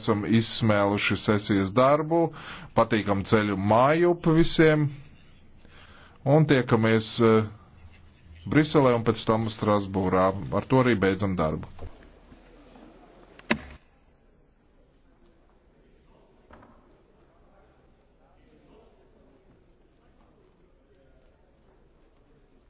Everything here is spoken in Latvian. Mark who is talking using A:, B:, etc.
A: Esam izsmēluši sesijas darbu, patīkam ceļu mājup visiem un tiekamies eh, Briselē un pēc tam Strasbūrā. Ar to arī beidzam darbu.